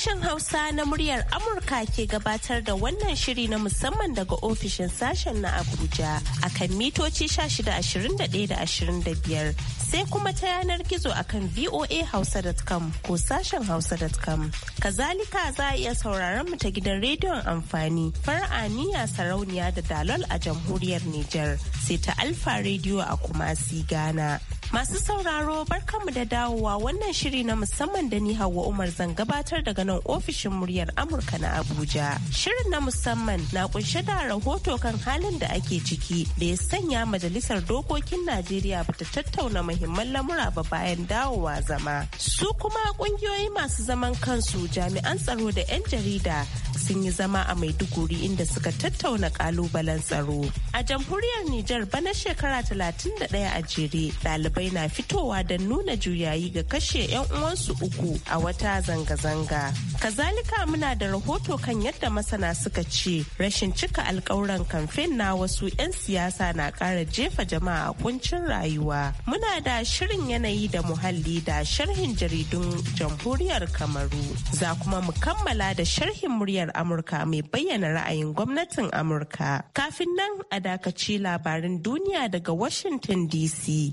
sashen Hausa na muryar Amurka ke gabatar da wannan shiri na musamman daga ofishin sashen na Abuja akan mitoci 1621-25 sai kuma ta yanar gizo a akan voahausa.com ko sashen hausa.com. Kazalika za a iya sauraron mu ta gidan rediyon amfani fara'aniya sarauniya da dalol a jamhuriyar Nijar sai ta Alfa rediyo a Kumasi Ghana. Masu sauraro barkanmu da dawowa wannan shiri na musamman da ni Hauwa Umar zan gabatar daga nan ofishin muryar Amurka na Abuja. Shirin na musamman na kunshe da rahoto kan halin da ake ciki da ya sanya Majalisar Dokokin Najeriya ba ta tattauna muhimman lamura ba bayan dawowa zama. Su kuma kungiyoyi masu zaman kansu jami'an tsaro da 'yan jarida sun yi zama a Maiduguri inda suka tattauna kalubalen tsaro. A jamhuriyar Nijar bana shekara talatin da 31 a jere ɗalibai na fitowa don nuna juyayi ga kashe 'yan uwansu uku a wata zanga-zanga. Kazalika muna da rahoto kan yadda masana suka ce rashin cika alkawuran kamfen na wasu 'yan siyasa na ƙara jefa jama'a kuncin rayuwa. Muna da shirin yanayi da muhalli da sharhin jaridun jamhuriyar Kamaru. Za kuma mu kammala da sharhin muryar Amurka mai bayyana ra'ayin gwamnatin Amurka. Kafin nan a dakaci labarin duniya daga Washington DC.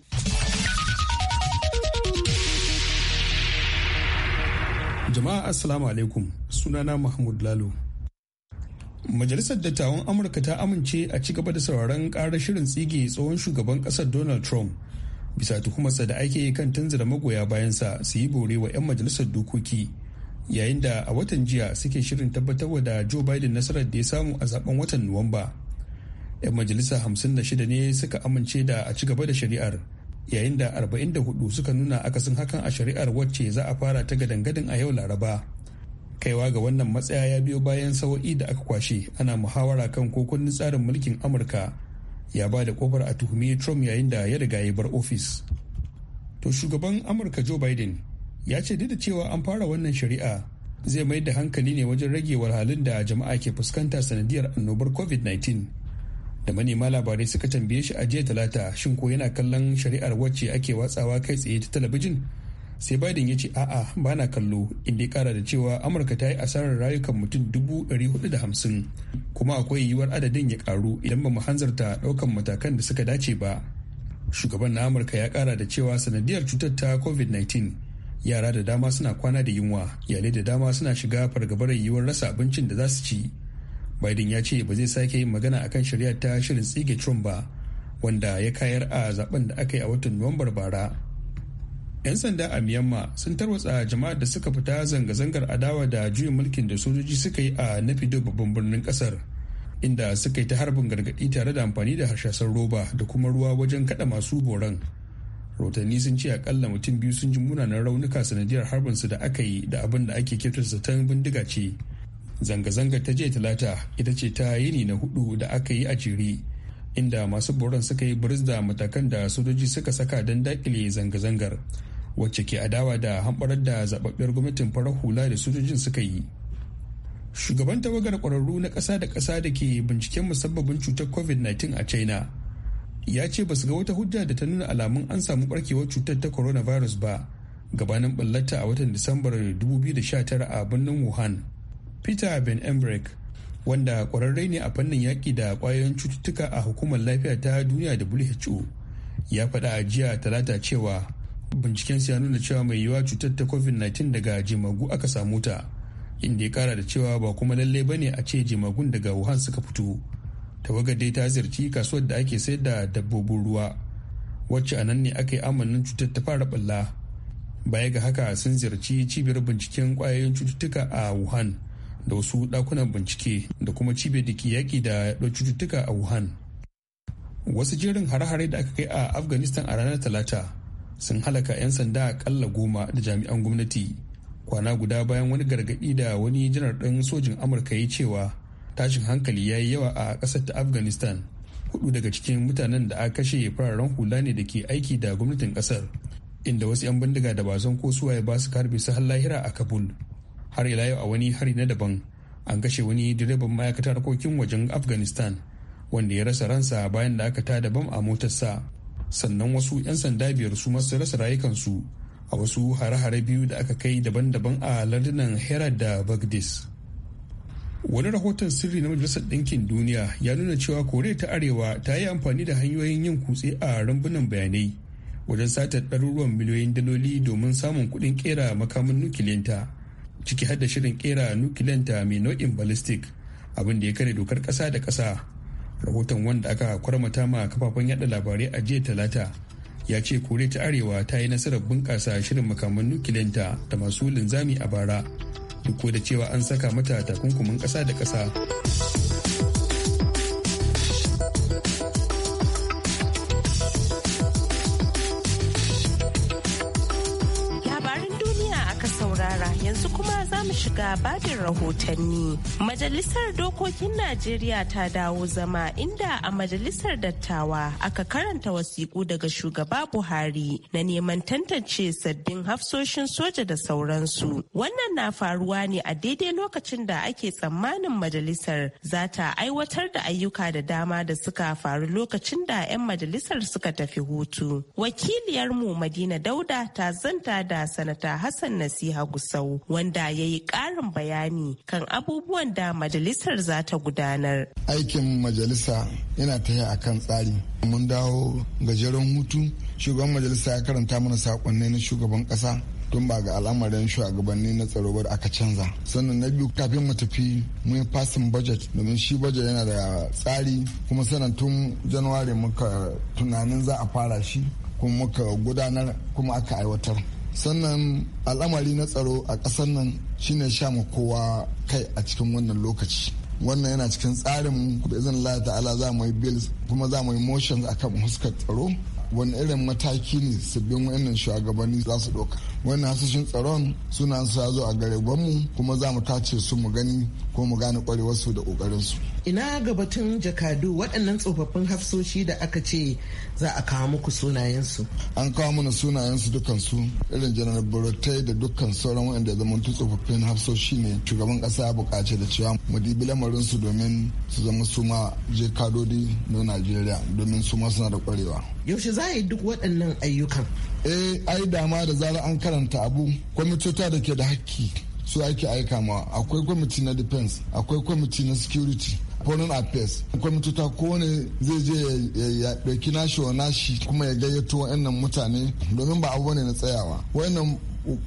Jama'a Assalamu alaikum sunana Mahmud Lalo. Majalisar Dattawan Amurka ta amince a ci gaba da sauraron ƙarar shirin tsige tsohon shugaban ƙasar Donald Trump bisa tuhumarsa da ake kan tanzara magoya bayansa su yi bore wa 'yan majalisar dokoki yayin da a watan jiya suke shirin tabbatarwa da Joe Biden nasarar da ya samu a zaben watan Nuwamba. 'Yan majalisa 56 ne suka amince da a ci gaba da shari'ar. yayin da 44 suka nuna akasin hakan a shari'ar wacce za a fara ta gadangadin a yau laraba kaiwa ga wannan matsaya ya biyo bayan sawa'i da aka kwashe ana muhawara kan kokonin tsarin mulkin amurka ya ba da kofar a tuhumi trump yayin da ya riga ya bar ofis to shugaban amurka joe biden ya ce duk da cewa an fara wannan shari'a zai mai da hankali ne wajen ragewar halin da jama'a ke fuskanta sanadiyar annobar covid-19 da manema labarai suka tambaye shi a jiya talata shin ko yana kallon shari'ar wacce ake watsawa kai tsaye ta talabijin sai biden ya ce a'a ba na kallo inda ya kara da cewa amurka ta yi asarar rayukan mutum dubu hudu da hamsin kuma akwai yiwuwar adadin ya karu idan ba mu hanzarta daukan matakan da suka dace ba shugaban na amurka ya kara da cewa sanadiyar cutar ta covid-19 yara da dama suna kwana da yunwa iyalai da dama suna shiga fargabar yiwuwar rasa abincin da za su ci biden ya ce ba zai sake yin magana akan shari'a ta shirin tsige trump ba wanda ya kayar a zaben da aka yi a watan nuwambar bara yan sanda a myanmar sun tarwatsa jama'ar da suka fita zanga-zangar adawa da juyin mulkin da sojoji suka yi a nafido babban birnin kasar inda suka yi ta harbin gargaɗi tare da amfani da harshasan roba da kuma ruwa wajen kada masu boran rotanni sun ce akalla mutum biyu sun ji munanan raunuka sanadiyar harbin su da aka yi da abin da ake kirtar ta bindiga ce zanga-zangar ta jiya talata ita ce ta yi yini na hudu da aka yi a jere inda masu boron suka yi biris matakan da sojoji suka saka don dakile zanga-zangar wacce ke adawa da hamɓarar da zababbiyar gwamnatin farar hula da sojojin suka yi shugaban tawagar ƙwararru na ƙasa da ƙasa da ke binciken musabbabin cutar covid-19 a china ya ce ba su ga wata hujja da ta nuna alamun an samu barkewar cutar ta coronavirus ba gabanin ballata a watan disambar 2019 a birnin wuhan peter ben embrek wanda kwararre ne a fannin yaƙi da ƙwayoyin cututtuka a hukumar lafiya ta duniya who ya faɗa a jiya talata cewa binciken ya nuna cewa mai yiwuwa cutar ta covid-19 daga jimagu aka samu ta inda ya kara da cewa ba kuma lallai ba ne a ce jimagun daga wuhan suka fito tawagar ta ziyarci kasuwar da ake sayar da dabbobin ruwa wacce a nan ne aka yi amannin cutar ta fara balla baya ga haka sun ziyarci cibiyar binciken kwayoyin cututtuka a wuhan da wasu dakunan bincike da kuma cibiyar da ke yaƙi da yaɗuwar cututtuka a wuhan wasu jerin hare-hare da aka kai a afghanistan a ranar talata sun halaka 'yan sanda ƙalla goma da jami'an gwamnati kwana guda bayan wani gargaɗi da wani janar ɗin sojin amurka ya cewa tashin hankali ya yi yawa a ƙasar ta afghanistan hudu daga cikin mutanen da aka kashe fararen hula ne da ke aiki da gwamnatin ƙasar inda wasu 'yan bindiga da ba zan ko suwaye ba su karbe su har a kabul har ila yau a wani hari na daban an kashe wani direban ma'aikatar harkokin wajen afghanistan wanda ya rasa ransa bayan da aka tada bam a motarsa sannan wasu 'yan sanda biyar su masu rasa rayukansu a wasu hare-hare biyu da aka kai daban-daban a lardunan herat da bagdis wani rahoton sirri na majalisar ɗinkin duniya ya nuna cewa koriya ta arewa ta yi amfani da hanyoyin yin kutse a rumbunan bayanai wajen satar ɗaruruwan miliyoyin daloli domin samun kuɗin kera makamin nukiliyanta ciki har da shirin kera nukiliyanta mai nau'in ballistic abin da ya kare dokar kasa da kasa rahoton wanda aka kwarmata ma kafafen yada labarai a jiya talata ya ce kore ta arewa ta yi nasarar bunƙasa shirin makaman nukiliyanta da masu linzami a bara duk da cewa an saka mata takunkumin ƙasa da ƙasa. shiga babin rahotanni. Majalisar Dokokin Najeriya ta dawo zama inda a Majalisar Dattawa aka karanta wasiƙu daga shugaba Buhari na neman tantance sabbin hafsoshin soja da sauransu. Wannan na faruwa ne a daidai lokacin da ake tsammanin majalisar za ta aiwatar da ayyuka da dama da suka faru lokacin da 'yan majalisar suka tafi hutu. Wakiliyarmu Madina Dauda ta zanta da Sanata Hassan Nasiha Gusau wanda ya yi karin bayani kan abubuwan da majalisar za ta gudanar. Aikin majalisa yana yi a kan tsari. Mun dawo gajeren hutu, shugaban majalisa ya karanta mana saƙonni na shugaban ƙasa tun ba ga al'amarin shugabanni na tsaro ba aka canza sannan na biyu kafin mu tafi mun fasin budget domin shi budget yana da tsari kuma sannan tun januwari muka tunanin za a fara shi kuma muka gudanar kuma aka aiwatar sannan al'amari na tsaro a ƙasar nan shine sha ma kowa kai a cikin wannan lokaci wannan yana cikin tsarin da izin Allah ta'ala za mu yi bills kuma za mu yi motions akan huskar tsaro wani irin mataki ne sabbin wayannan shugabanni za su ɗauka wannan hasashen tsaron suna sa zo a gare gwanmu kuma za mu tace su mu gani ko mu gane kwarewarsu da su ina ga batun jakadu waɗannan tsofaffin hafsoshi da aka ce za a kawo muku sunayensu an kawo mana sunayensu dukansu irin janar burtai da dukkan sauran waɗanda zama tsofaffin hafsoshi ne shugaban ƙasa ya buƙace da cewa mu dibi lamarinsu domin su zama su ma jakadodi na najeriya domin su ma suna da kwarewa yaushe za a yi duk waɗannan ayyukan eh ai dama da zarar an karanta abu kwamitota da ke da hakki su ake aika ma akwai kwamiti na defense akwai kwamiti na security foreign affairs kwamitota kowane zai je ya ɗauki nashi wa nashi kuma ya gayyato wa'annan mutane domin ba abu ne na tsayawa wa'annan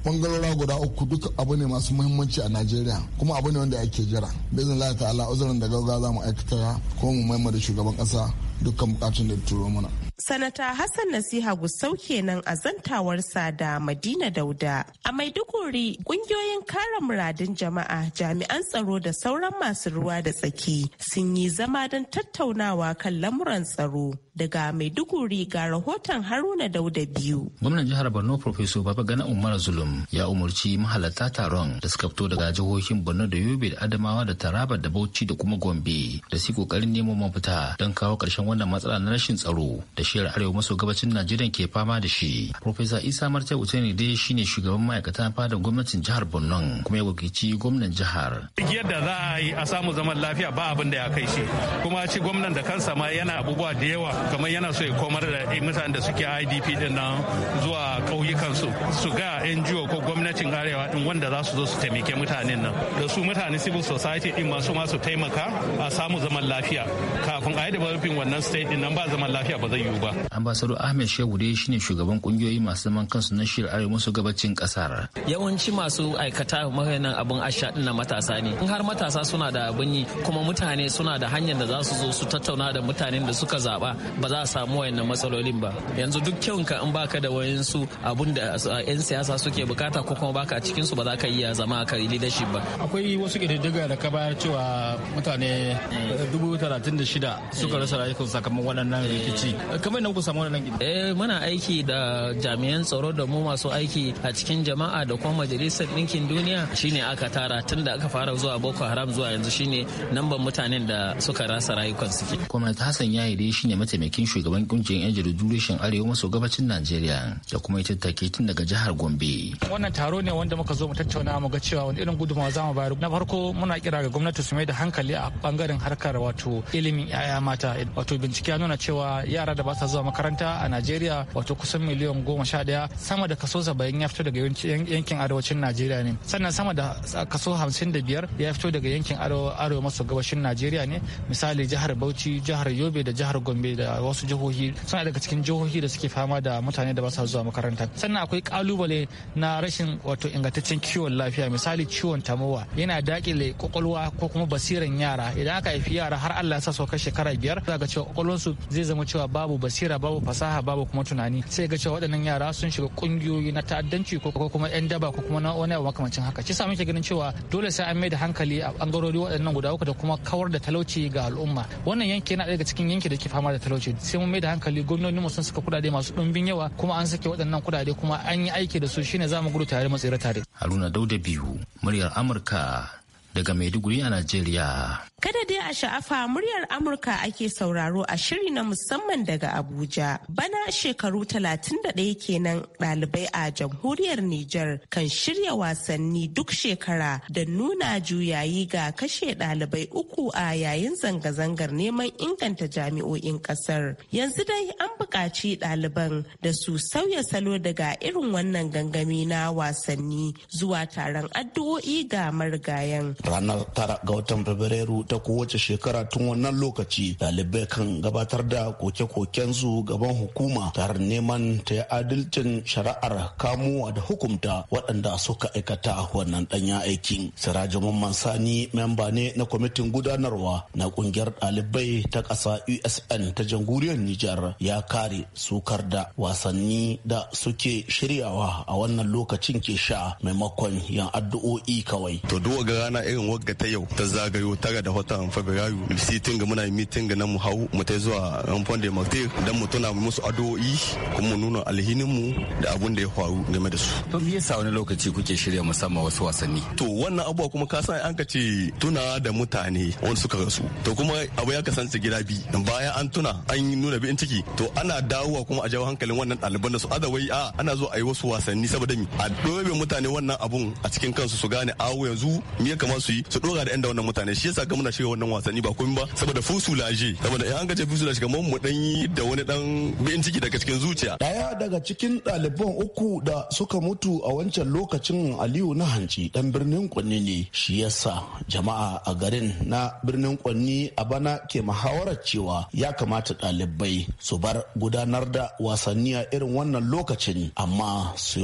bangarora guda uku duka abu ne masu muhimmanci a najeriya kuma abu ne wanda ake jira bezin la ta'ala uzurin da gauga za mu aikata kuma mu maimar shugaban kasa dukkan bukatun da turo mana Sanata Hassan Nasiha Gusau kenan a zantawarsa da Madina Dauda. A Maiduguri, ƙungiyoyin kare muradun jama'a, jami'an tsaro da sauran masu ruwa da tsaki sun yi zama don tattaunawa kan lamuran tsaro. daga Maiduguri ga rahoton Haruna Dauda biyu. Gwamnan jihar Borno Baba Gana Umar Zulum ya umarci mahalarta taron da suka fito daga jihohin Borno da Yobe da Adamawa da Taraba da Bauchi da kuma Gombe da su kokarin neman mafita don kawo ƙarshen wannan matsala na rashin tsaro da shiyar arewa maso gabacin Najeriya ke fama da shi. Professor Isa Martai Uteni dai shine shugaban ma'aikatan fadar gwamnatin jihar Borno kuma ya wakilci gwamnan jihar. Yadda za a yi a samu zaman lafiya ba abin da ya kai shi kuma ci gwamnan da kansa ma yana abubuwa da yawa kamar yana so ya komar da mutanen da suke idp din nan zuwa kauyukan su su ga ngo ko gwamnatin arewa din wanda za su zo su taimake mutanen nan da su mutane civil society din masu masu taimaka a samu zaman lafiya kafin a yi developing wannan state din nan ba zaman lafiya ba zai yiwu ba ambassador ahmed shehu dai shine shugaban kungiyoyi masu zaman kansu na shirin arewa masu gabacin kasar yawanci masu aikata maganin abin asha din na matasa ne in har matasa suna da abin yi kuma mutane suna da hanyar da za su zo su tattauna da mutanen da suka zaba ba za a samu wayannan matsalolin ba yanzu duk kyaunka in baka da wayansu abun da uh, yan siyasa suke bukata ko kuma baka a cikin su ba za ka iya zama a ka leadership ba akwai wasu kididdiga da ka bayar cewa mutane uh, dubu talatin da shida suka rasa rayukan sakamakon waɗannan rikici uh, kamar nan ku samu waɗannan eh muna aiki da jami'an tsaro da mu masu aiki a cikin jama'a da kuma majalisar ɗinkin duniya shine aka tara tun da aka fara zuwa boko haram zuwa yanzu shine namban mutanen da suka rasa rayukan suke kuma hassan yayi dai shine mata mataimakin shugaban kungiyar 'yan jaridu reshen arewa maso gabacin najeriya da kuma ya tattake tun daga jihar gombe wannan taro ne wanda muka zo mu tattauna mu ga cewa wani irin gudunmawa za mu bayar na farko muna kira ga gwamnati su mai da hankali a bangaren harkar wato ilimin 'ya'ya mata wato bincike ya nuna cewa yara da ba sa zuwa makaranta a najeriya wato kusan miliyan goma sha daya sama da kaso saba'in ya fito daga yankin arewacin najeriya ne sannan sama da kaso hamsin da biyar ya fito daga yankin arewa maso gabashin najeriya ne misali jihar bauchi jihar yobe da jihar gombe da da wasu jihohi suna daga cikin jihohi da suke fama da mutane da ba sa zuwa makaranta sannan akwai kalubale na rashin wato ingantaccen kiwon lafiya misali ciwon tamowa yana dakile kwakwalwa ko kuma basiran yara idan aka haifi yara har Allah ya sa su shekara biyar za ga cewa su zai zama cewa babu basira babu fasaha babu kuma tunani sai ga cewa waɗannan yara sun shiga kungiyoyi na ta'addanci ko kuma yan daba ko kuma wani abu makamancin haka shi sa muke ganin cewa dole sai an mai da hankali a bangarori waɗannan guda uku da kuma kawar da talauci ga al'umma wannan yanki yana daga cikin yanki da ke fama da talauci wuce sai mun mai da hankali gwamnoninmu sun saka kudade masu ɗumbin yawa kuma an sake waɗannan kudade kuma an yi aiki da su shine za mu gudu tare mu tsira tare haruna dauda biyu muryar amurka daga maiduguri a najeriya Kada dai a sha'afa muryar Amurka ake sauraro a shiri na musamman daga Abuja. Bana shekaru 31 kenan ɗalibai a jamhuriyar Nijar kan shirya wasanni duk shekara da nuna juyayi ga kashe ɗalibai uku a yayin zanga-zangar neman inganta jami'o'in ƙasar. Yanzu dai an buƙaci ɗaliban da su sauya salo daga irin wannan gangami na wasanni zuwa taron addu'o'i ga marigayen. Ranar tara ga watan Fabrairu ta kowace shekara tun wannan lokaci ɗalibai kan gabatar da koke koken zu gaban hukuma tare neman ta yi adalcin shari'ar kamuwa da hukumta waɗanda suka aikata wannan ɗanya aikin. Siraji Mamman Sani memba ne na kwamitin gudanarwa na ƙungiyar ɗalibai ta ƙasa USN ta jamhuriyar Nijar ya kare sukar da wasanni da suke shiryawa a wannan lokacin ke sha maimakon yan addu'o'i kawai. To ga rana irin wagga ta yau ta zagayo tara da watan fabrairu si tinga muna yi tinga na mu hau mu ta zuwa ramfon fonde martir dan mu tuna musu addu'o'i kuma mu nuna alhinin mu da abun da ya faru game da su to me yasa wani lokaci kuke shirya musamman wasu wasanni to wannan abuwa kuma ka san an ka ce tuna da mutane wanda suka rasu to kuma abu ya kasance gida bi bayan an tuna an nuna bi'in ciki to ana dawowa kuma a jawo hankalin wannan ɗaliban da su adawai a ana zuwa a yi wasu wasanni saboda mi a ɗobe mutane wannan abun a cikin kansu su gane awo yanzu me ya kamata su yi su ɗora da inda wannan mutane shi yasa ga muna sa wannan wasanni ba komai ba saboda laje saboda in an ga ce laje kamar mu dan yi da wani dan bin ciki daga cikin zuciya daya daga cikin ɗaliban uku da suka mutu a wancan lokacin Aliyu na hanci dan birnin Kwanni ne shi yasa jama'a a garin na birnin Kwanni a bana ke muhawarar cewa ya kamata ɗalibai su bar gudanar da wasanni a irin wannan lokacin amma su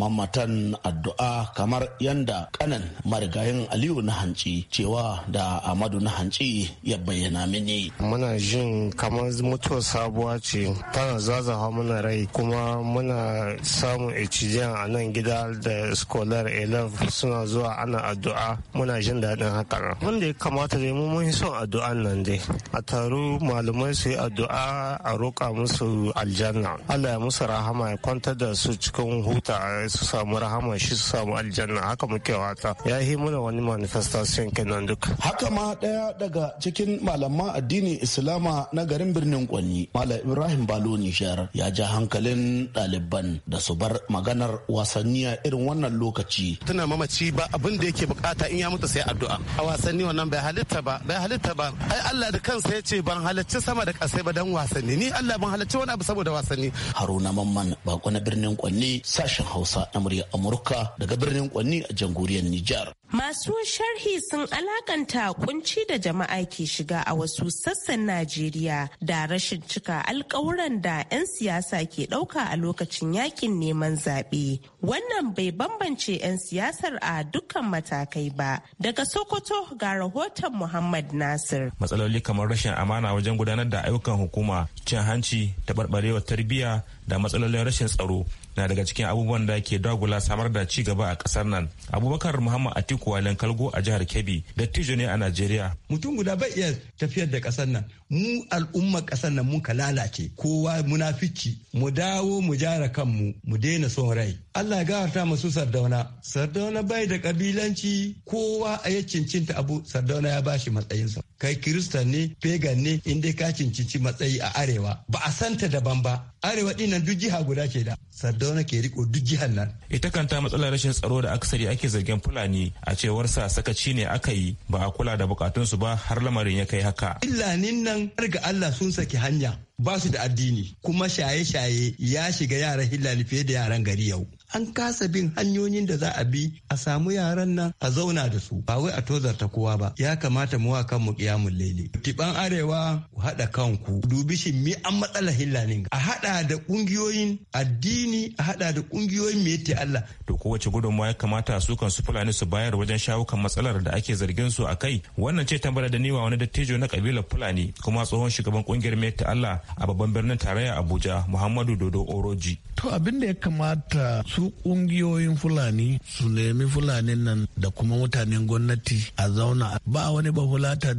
mamatan addu'a kamar yanda kanan marigayin Aliyu na hanci cewa da a Muhammadu na hanci ya bayyana mini. Muna jin kamar mutuwar sabuwa ce tana zazawa mana rai kuma muna samun etudiant a nan gida da scholar elef suna zuwa ana addu'a muna jin daɗin haka. Wanda ya kamata dai mun mun son addu'a nan dai. A taru malamai su yi addu'a a roƙa musu aljanna. Allah ya musu rahama ya kwantar da su cikin huta su samu rahama shi su samu aljanna haka muke wata. Ya yi mana wani manifestation kenan duka. Haka ma kuma daga cikin malaman addinin Islama na garin birnin Kwanni, Malam Ibrahim Balo Nishar ya ja hankalin ɗaliban da su bar maganar wasanni a irin wannan lokaci. Tuna mamaci ba abin da yake bukata in ya mutu sai addu'a. A wasanni wannan bai halitta ba, bai halitta ba. Ai Allah da kansa ya ce ban halarci sama da ƙasai ba dan wasanni. Ni Allah ban halarci wani abu saboda wasanni. Haruna Mamman bako na birnin Kwanni sashen Hausa na murya Amurka daga birnin Kwanni a jamhuriyar Nijar. Masu sharhi sun alakanta Hukunci da jama'a ke shiga a wasu sassan Najeriya da rashin cika alkawuran da 'yan siyasa ke ɗauka a lokacin yakin neman zaɓe. Wannan bai bambance 'yan siyasar a dukkan matakai ba. Daga Sokoto ga rahoton Muhammad Nasir. Matsaloli kamar rashin amana wajen gudanar da ayyukan hukuma, cin hanci, taɓarɓarewar tarbiyya da matsalolin rashin tsaro na daga cikin abubuwan da ke dagula samar da ci gaba a kasar nan abubakar muhammad atiku walen kalgo a jihar kebbi dattijo ne a najeriya mutum guda bai iya tafiyar da kasar nan mu al'ummar kasar nan muka lalace kowa munafici mu dawo mu jara kanmu mu daina son rai Allah ya gafarta masu sardauna. Sardauna bai da kabilanci kowa a ya cincinta abu sardauna ya bashi matsayinsa. Kai kirista ne, pagan ne, inda ka cincinci matsayi a arewa. Ba a santa daban ba. Arewa ɗin duk jiha guda ce da. Sardauna ke riko duk jihar nan. Ita kanta matsalar rashin tsaro da aksari ake zargin Fulani a cewar sa sakaci ne aka yi ba a kula da bukatunsu ba har lamarin ya kai haka. Illanin nan har ga Allah sun saki hanya. ba su da addini kuma shaye-shaye ya shiga yaran hillani fiye da yaran gari yau an kasa bin hanyoyin da za a bi a samu yaran nan a zauna da su ba wai a tozarta kowa ba ya kamata mu kan mu kiyamun lele tiban arewa ku haɗa kanku dubi shi mi an matsala hillanin a haɗa da ƙungiyoyin addini a haɗa da ƙungiyoyin ta Allah to kowace gudunmawa ya kamata su kan su fulani su bayar wajen shawo matsalar da ake zargin su a kai wannan ce tambara da niwa wani dattijo na kabilar fulani kuma tsohon shugaban ƙungiyar ta Allah a babban birnin tarayya abuja muhammadu dodo oroji to abin da ya kamata su kungiyoyin fulani su nemi fulani nan da kuma mutanen gwamnati a zauna ba wani ba fulata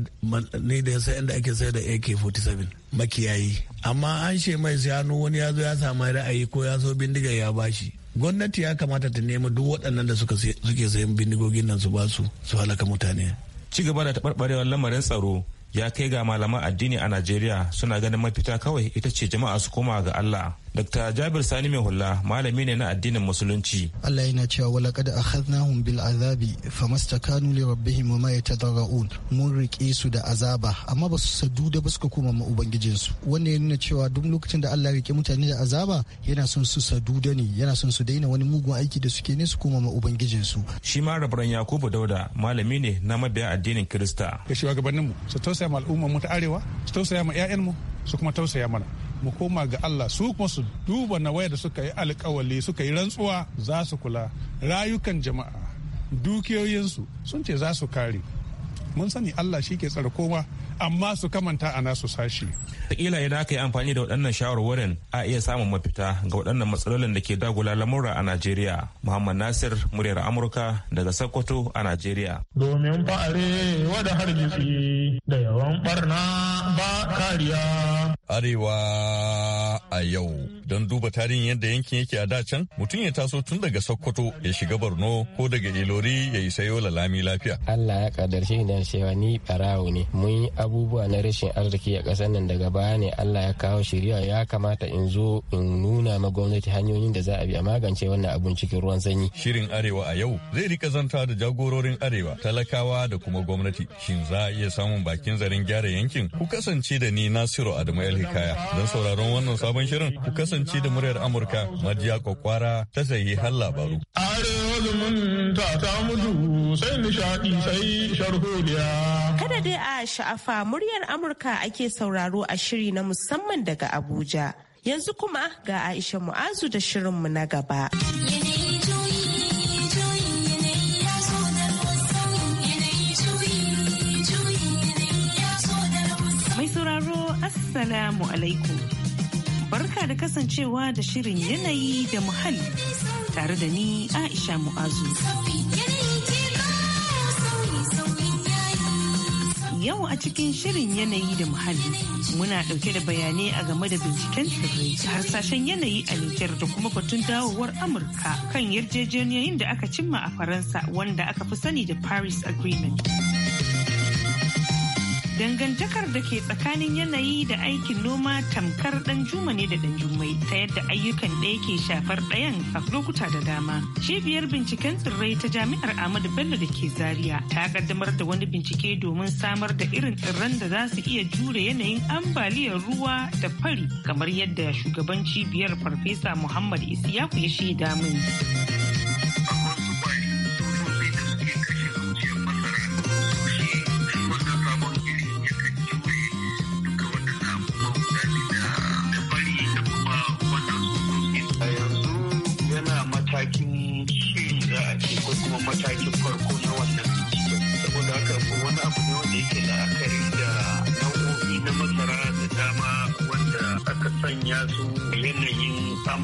ne da ya sai inda ake sai da ak-47 makiyayi amma an she mai hannu wani ya zo ya samu ra'ayi ko ya so bindiga ya bashi gwamnati ya kamata ta nemi duk waɗannan da suke sayan bindigogin nan su ba su su halaka mutane ci gaba da taɓarɓarewar lamarin tsaro ya kai ga malaman addini a najeriya suna ganin mafita kawai ita ce jama'a su koma ga allah Dr. Jabir Sani mai hula malami ne na addinin musulunci. Allah yana cewa walaqad akhadnahum bil azabi famastakanu li rabbihim wama yatadarrun mun riƙe su da azaba amma ba su sadu da ba suka koma ma ubangijin su. Wannan yana cewa duk lokacin da Allah ya rike mutane da azaba yana son su sadu da ne yana son su daina wani mugun aiki da suke ne su koma ma ubangijin su. Shi ma rabaran Yakubu Dauda malami ne na mabiya addinin Kirista. gabanin mu su tausaya ma al'umma mu ta arewa su tausaya ma 'ya'yanmu su kuma tausaya mana. mu koma ga Allah su kuma su duba na waya da suka yi alkawali suka yi rantsuwa za su kula rayukan jama'a dukiyoyinsu sun ce za su kare mun sani Allah shi ke tsara kowa amma su kamanta a nasu sashi. Takila idan aka yi amfani da waɗannan shawarwarin a iya samun mafita ga waɗannan matsalolin da ke dagula lamura a Najeriya. Muhammad Nasir muryar Amurka daga Sokoto a Najeriya. Domin fa'are wada hargitsi da yawan barna ba kariya. Arewa a yau. Don duba tarihin yadda yankin yake a dacan, mutum ya taso tun daga Sokoto ya shiga Borno ko daga Ilori ya isa sayo lami lafiya. Allah ya kadarce da cewa ni barawo ne. Mun yi abubuwa na rashin arziki a ƙasar nan daga baya ne Allah ya kawo shirya ya kamata in zo in nuna ma gwamnati hanyoyin da za a bi a magance wannan abun cikin ruwan sanyi. Shirin Arewa a yau zai rika zanta da jagororin Arewa, talakawa da kuma gwamnati. Shin za a iya samun bakin zarin gyara yankin? Ku kasance da ni Nasiru Adamu Hikaya. Don sauraron wannan sabon shirin ku kasance da muryar Amurka Majiya Kwakwara ta sayi har labaru. Arewa zumunta ta Kada dai a sha'afa muryar Amurka ake sauraro a shiri na musamman daga Abuja. Yanzu kuma ga Aisha Mu'azu da shirinmu na gaba. Assalamu alaikum. Barka da kasancewa da shirin yanayi da muhalli tare da ni Aisha Mu'azu. Yau a cikin shirin yanayi da muhalli muna ɗauke da bayanai a game da binciken tsirrai harsashen yanayi a Nijar da kuma batun dawowar Amurka kan yarjejeniyoyin da aka cimma a Faransa wanda aka fi sani da Paris Agreement. dangantakar da ke tsakanin yanayi da aikin noma tamkar dan juma ne da dan jummai ta yadda ayyukan ɗaya ke shafar ɗayan a lokuta da dama cibiyar binciken tsirrai ta jami'ar ahmadu bello da ke zaria ta kaddamar da wani bincike domin samar da irin tsirran da za su iya jure yanayin ambaliyar ruwa da fari kamar yadda shugaban cibiyar farfesa muhammad isiyaku ya shaida min.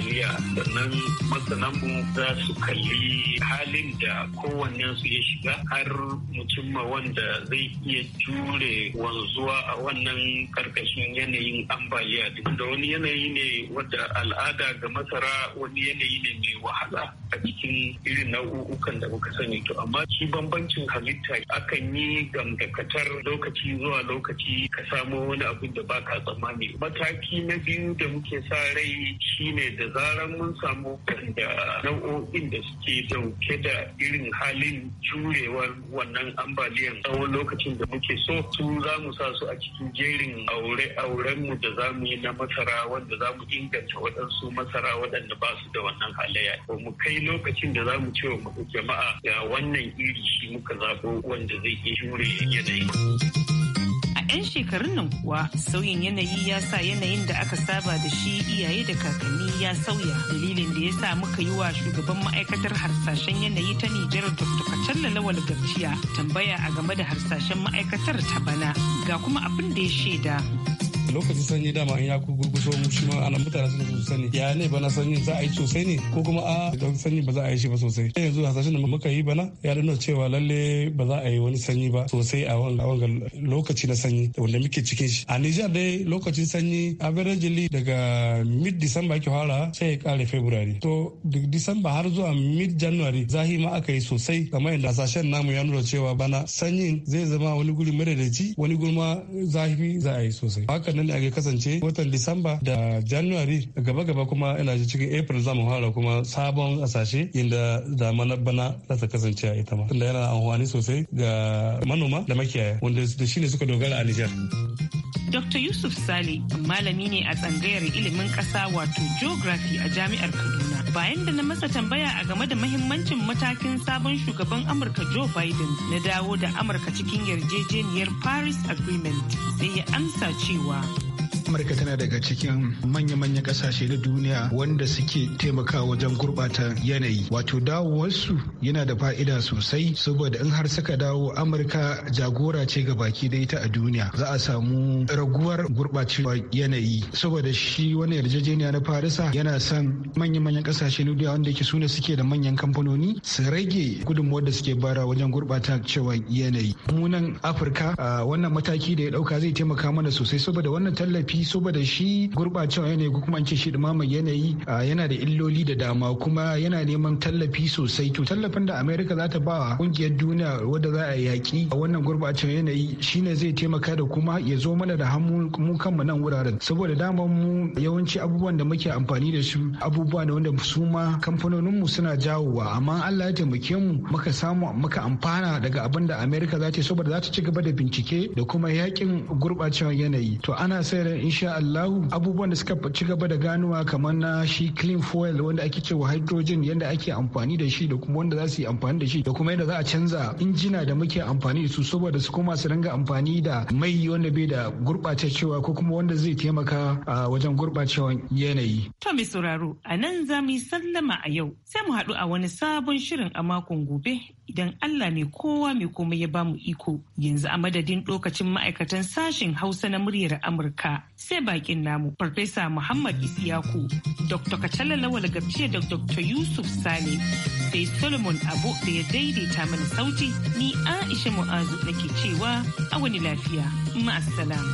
Najeriya sannan mu za su kalli halin da kowanne su ya shiga har mutumma wanda zai iya jure wanzuwa a wannan karkashin yanayin ambaliya da wani yanayi ne wadda al'ada ga masara wani yanayi ne mai wahala a cikin irin nau'ukan da muka sani to amma shi bambancin halitta akan yi gamdakatar lokaci zuwa lokaci ka samo wani abin da baka tsammani mataki na biyu da muke sa rai shine da zarar mun samu da nau'o'in da suke dauke da irin halin jurewar wannan ambaliyan tsawon lokacin da muke so su za mu sa su a cikin jerin aure-aurenmu da za mu yi na masara wanda za mu inganta waɗansu masara waɗanda ba su da wannan halayya ko mu kai lokacin da za mu ce wa jama'a ga wannan iri shi muka zaɓo wanda zai iya jure yanayi. 'yan shekarun nan kuwa sauyin yanayi ya sa yanayin da aka saba da shi iyaye da kakanni ya sauya dalilin da ya sa muka yi wa shugaban ma'aikatar harsashen yanayi ta nijar dr kacalla lawal garciya tambaya a game da harsashen ma'aikatar ta bana ga kuma abin da ya shaida lokacin sanyi dama in ya ku gurguso mu shi ma ana mutane suna su sani ya ne bana sanyi za a yi sosai ne ko kuma a don sanyi ba za a yi shi ba sosai yanzu hasashen da muka yi bana ya nuna cewa lalle ba za a yi wani sanyi ba sosai a wanga lokaci na sanyi wanda muke cikin shi a Nijar dai lokacin sanyi a averagely daga mid December ake fara sai ya kare February to December har zuwa mid January zahi ma aka yi sosai kamar yadda hasashen namu ya nuna cewa bana sanyin zai zama wani guri madadaci wani gurma zafi za a yi sosai haka ne ake kasance watan disamba da january gaba gaba kuma ina ji cikin april zamu fara kuma sabon asashe inda mana bana za ta kasance a ita ma tunda yana amfani sosai ga manoma da makiyaya wanda da shine suka dogara a nijar. Dr. Yusuf Sale malami ne a tsangayar ilimin ƙasa wato geography a jami'ar Kaduna. Bayan da na masa tambaya a game da mahimmancin matakin sabon shugaban Amurka Joe Biden na dawo da Amurka cikin yarjejeniyar Paris Agreement sai ya amsa cewa amurka tana daga cikin manya-manyan kasashe na duniya wanda suke taimakawa wajen gurbata yanayi wato dawowarsu yana da fa'ida sosai saboda in har suka dawo amurka jagora ce ga baki da ita a duniya za a samu raguwar gurbacewa yanayi saboda shi wani yarjejeniya na farisa yana son manya-manyan kasashe na duniya wanda ke sune suke da manyan kamfanoni su rage gudunmuwar da suke bara wajen gurbata cewa yanayi munan afirka wannan mataki da ya dauka zai taimaka mana sosai saboda wannan tallafi zafi da shi gurbacewa yanayi ko kuma ce shi dumamar yanayi yana da illoli da dama kuma yana neman tallafi sosai to tallafin da america za ta ba kungiyar duniya wadda za a yaƙi a wannan gurbacewa yanayi shine zai taimaka da kuma ya zo mana da hannu mu kanmu nan wuraren saboda dama mu yawanci abubuwan da muke amfani da su abubuwa ne wanda su ma kamfanonin mu suna jawowa amma Allah ya taimake mu muka samu muka amfana daga abin da America za ta saboda za ta ci gaba da bincike da kuma yakin gurbacewa yanayi to ana sa insha Allahu abubuwan da suka ci gaba da ganowa kamar na shi clean fuel wanda ake cewa hydrogen yadda ake amfani da shi da kuma wanda za su yi amfani da shi da kuma yadda za a canza injina da muke amfani da su saboda su koma su ringa amfani da mai wanda bai da gurɓacewa ko kuma wanda zai taimaka a wajen gurɓacewan yanayi. To mai sauraro a nan za mu yi sallama a yau sai mu haɗu a wani sabon shirin a makon gobe idan Allah ne kowa mai komai ya bamu iko. Yanzu a madadin lokacin ma'aikatan sashen Hausa na muryar Amurka sai bakin namu Farfesa Muhammad Isiyaku, Dr. Kacalla Lawal gabciya da Dr. Yusuf Sani, sai Solomon Abu da ya daidaita mana sauti ni Aisha Mu'azu nake cewa a wani lafiya. Ma'assalam.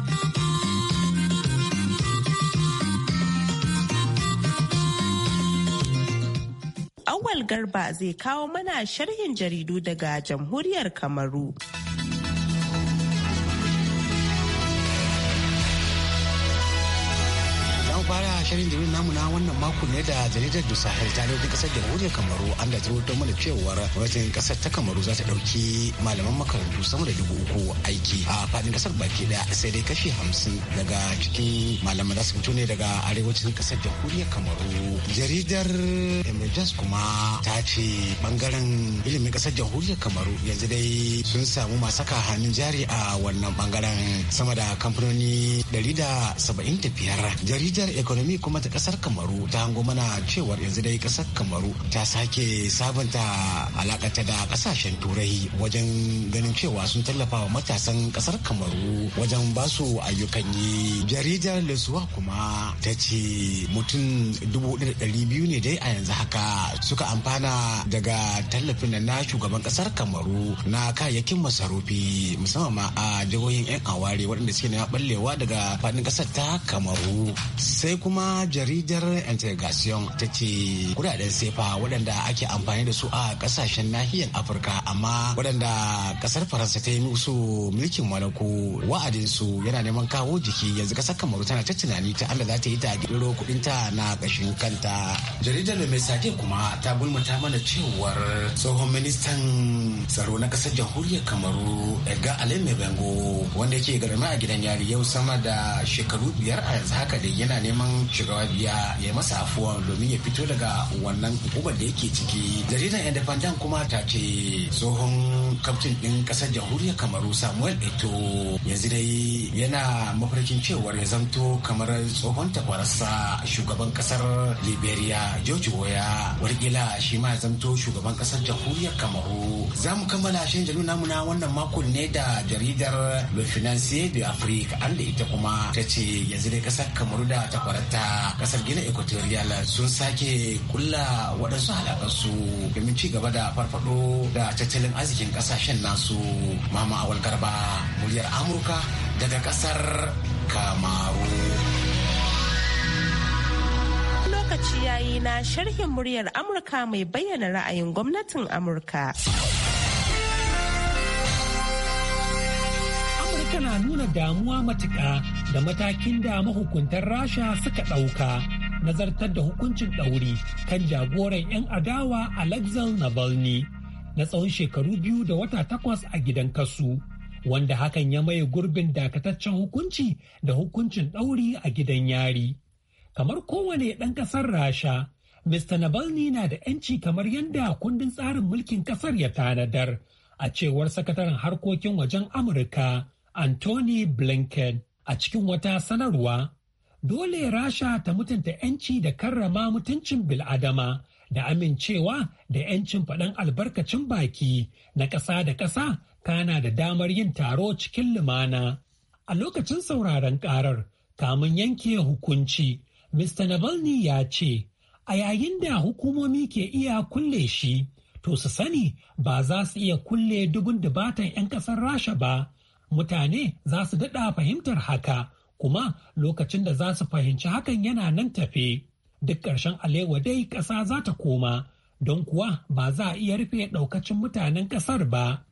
Awal Garba zai kawo mana sharhin jaridu daga jamhuriyar Kamaru. fara shirin jirgin namu na wannan mako ne da jaridar du sahel ta da kasar jamhuriyar kamaru an da zaro don mana cewar wajen kasar ta kamaru za ta ɗauki malaman makarantu sama da dubu uku aiki a faɗin kasar baki daya sai dai kashi hamsin daga cikin malaman za su fito ne daga arewacin kasar jamhuriyar kamaru jaridar emergence kuma ta ce bangaren ilimin kasar jamhuriyar kamaru yanzu dai sun samu masu saka hannun jari a wannan bangaren sama da kamfanoni 175 jaridar economy kuma ta kasar kamaru ta hango mana cewar yanzu dai kasar kamaru ta sake sabunta alakata da kasashen turai wajen ganin cewa sun tallafa wa matasan kasar kamaru wajen ba su ayyukan yi jaridar lesuwa kuma ta ce mutum dubu biyu ne dai a yanzu haka suka amfana daga tallafin na shugaban kasar kamaru na kayayyakin masarufi musamman ma a jihohin yan aware waɗanda suke na ballewa daga faɗin kasar ta kamaru sai kuma jaridar integration ta ce kudaden sefa waɗanda ake amfani da su a ƙasashen nahiyar afirka amma waɗanda ƙasar faransa ta yi musu mulkin wa'adin wa'adinsu yana neman kawo jiki yanzu ƙasar kamaru tana ta tunani ta allah za ta yi ta kuɗin ta na ƙashin kanta jaridar mai sake kuma ta gulmata mana cewar tsohon ministan tsaro na ƙasar jamhuriyar kamaru edgar aleme bango wanda yake garma a gidan yari yau sama da shekaru biyar a yanzu haka dai yana neman neman shugaba biya ya masa afuwa domin ya fito daga wannan hukumar da yake ciki jaridar independent kuma ta ce tsohon kaftin din kasar jamhuriyar kamaru samuel eto yanzu dai yana mafarkin cewar ya zamto kamar tsohon takwararsa shugaban kasar liberia george woya wargila shi ma ya zamto shugaban kasar jamhuriyar kamaru za mu kammala shi jalu namu na wannan makon ne da jaridar le financier de afrique an da ita kuma ta ce yanzu dai kasar kamaru da ta takwarata kasar gina equatorial sun sake kulla waɗansu halakansu domin ci gaba da farfado da tattalin arzikin ƙasashen nasu mama awal garba muryar amurka daga ƙasar kamaru lokaci yayi na sharhin muryar amurka mai bayyana ra'ayin gwamnatin amurka haka nuna damuwa matuƙa da matakin da mahukuntar rasha suka ɗauka nazartar da hukuncin ɗauri kan jagoran 'yan adawa a navalny na tsawon shekaru biyu da wata takwas a gidan kasu wanda hakan ya maye gurbin dakataccen hukunci da hukuncin ɗauri a gidan yari kamar kowane ɗan ƙasar rasha mr navalny na da 'yanci kamar yadda kundin tsarin mulkin ƙasar ya tanadar a cewar sakataren harkokin wajen amurka Anthony Blinken a cikin wata sanarwa dole Rasha ta mutunta 'yanci da karrama mutuncin bil'adama da amincewa da 'yancin faɗan albarkacin baki na ƙasa da ƙasa kana da damar yin taro cikin lumana. A lokacin sauraron ƙarar, kamun yanke hukunci, Mr. Navalny ya ce, a yayin da hukumomi ke iya kulle shi, to su sani ba za su iya kulle dubun dubatan 'yan ƙasar Rasha ba mutane za su daɗa fahimtar haka kuma lokacin da za su fahimci hakan yana nan tafe duk ƙarshen alewa dai ƙasa za ta koma don kuwa ba za a iya rufe ɗaukacin mutanen ƙasar ba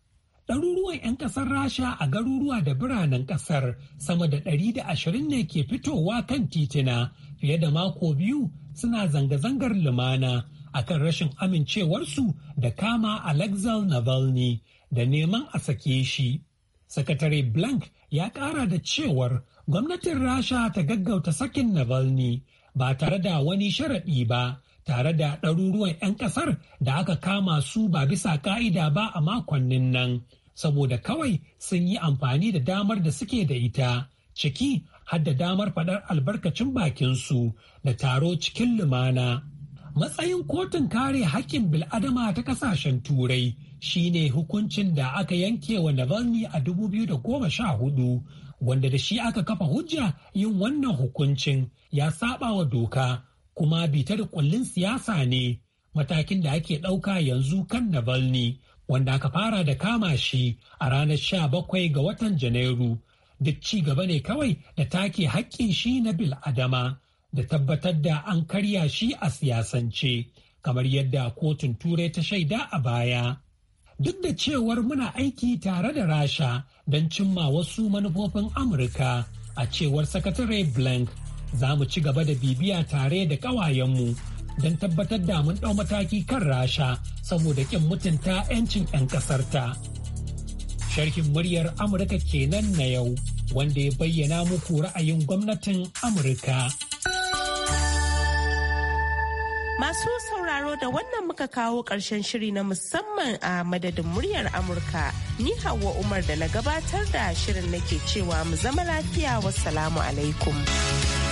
ɗaruruwan 'yan ƙasar rasha a garuruwa da biranen ƙasar sama da ɗari da ashirin ne ke fitowa kan titina fiye da mako biyu suna zanga-zangar lumana akan rashin amincewarsu da kama alexal navalny da neman a sake shi Sakatare Blank ya ƙara da cewar gwamnatin Rasha ta gaggauta sakin Navalny ba tare da wani sharaɗi ba tare da ɗaruruwan 'yan ƙasar da aka kama su ba bisa ƙa'ida ba a makonnin nan saboda kawai sun yi amfani da damar da suke da ita ciki har damar faɗar albarkacin bakinsu da taro cikin lumana. Matsayin kotun kare hakkin bil'adama ta ƙasashen turai shine hukuncin da aka yanke wa Navalny a 2014 wanda da shi aka kafa hujja yin wannan hukuncin ya saba wa doka kuma bitar kullin siyasa ne matakin da ake ɗauka yanzu kan Navalny wanda aka fara da kama shi a ranar 17 ga watan Janairu duk ci gaba ne kawai da take haƙƙin shi na bil'adama da tabbatar da an karya shi a siyasance kamar yadda kotun turai ta shaida a baya. duk da cewar muna aiki tare da rasha don cimma wasu manufofin amurka a cewar sakatare blank za mu ci gaba da bibiya tare da ƙawayenmu don tabbatar da mun ɗau mataki kan rasha saboda ƙin mutunta 'yancin 'yan ƙasarta. sharhin muryar amurka kenan na yau wanda ya bayyana muku ra'ayin gwamnatin amurka masu sauraro da wannan muka kawo ƙarshen shiri na musamman a madadin muryar Amurka. Ni Hauwa Umar da na gabatar da shirin nake cewa mu zama lafiya wassalamu alaikum.